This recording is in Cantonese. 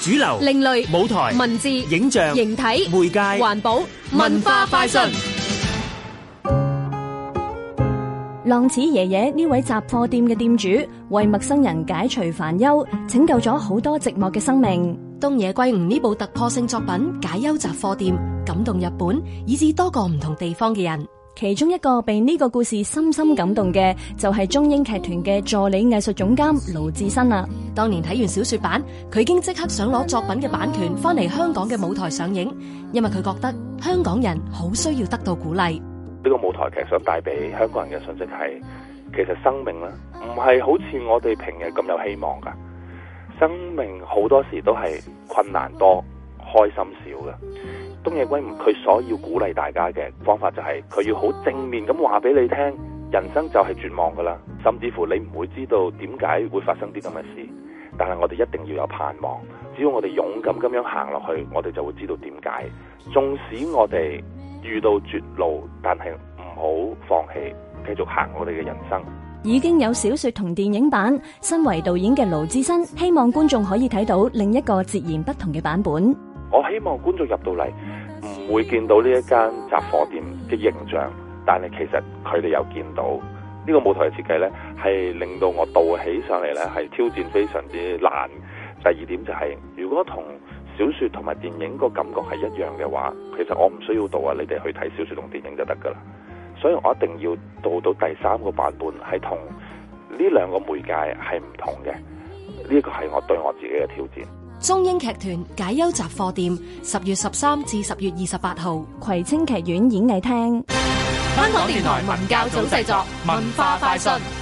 主流、另類、舞台、文字、影像、形體、媒介、環保、文化快訊。浪子爺爺呢位雜貨店嘅店主，為陌生人解除煩憂,拯救咗好多寂寞嘅生命。東野圭吾呢部突破性作品《解憂雜貨店》,感動日本,以至多個唔同地方嘅人。其中一個被呢個故事深深感動嘅，就係中英劇團嘅助理藝術總監盧志新啦。當年睇完小說版，佢已經即刻想攞作品嘅版權翻嚟香港嘅舞台上映，因為佢覺得香港人好需要得到鼓勵。呢個舞台劇想帶俾香港人嘅信息係，其實生命咧唔係好似我哋平日咁有希望噶，生命好多時都係困難多，開心少噶，東野圭吾佢所要鼓勵大家嘅方法就係、是、佢要好正面咁話俾你聽，人生就係絕望噶啦，甚至乎你唔會知道點解會發生啲咁嘅事，但係我哋一定要有盼望，只要我哋勇敢咁樣行落去，我哋就會知道點解。縱使我哋遇到絕路，但係唔好放棄，繼續行我哋嘅人生。已經有小說同電影版，身為導演嘅盧志新希望觀眾可以睇到另一個截然不同嘅版本。我希望觀眾入到嚟唔會見到呢一間雜貨店嘅形象，但係其實佢哋又見到呢個舞台嘅設計呢，係令到我導起上嚟呢，係挑戰非常之難。第二點就係如果同小說同埋電影個感覺係一樣嘅話，其實我唔需要導啊！你哋去睇小說同電影就得噶啦。所以我一定要導到第三個版本係同呢兩個媒介係唔同嘅。呢一個係我對我。嘅挑戰，中英劇團解憂雜貨店，十月十三至十月二十八號，葵青劇院演藝廳。香港電台文教組製作，文化快訊。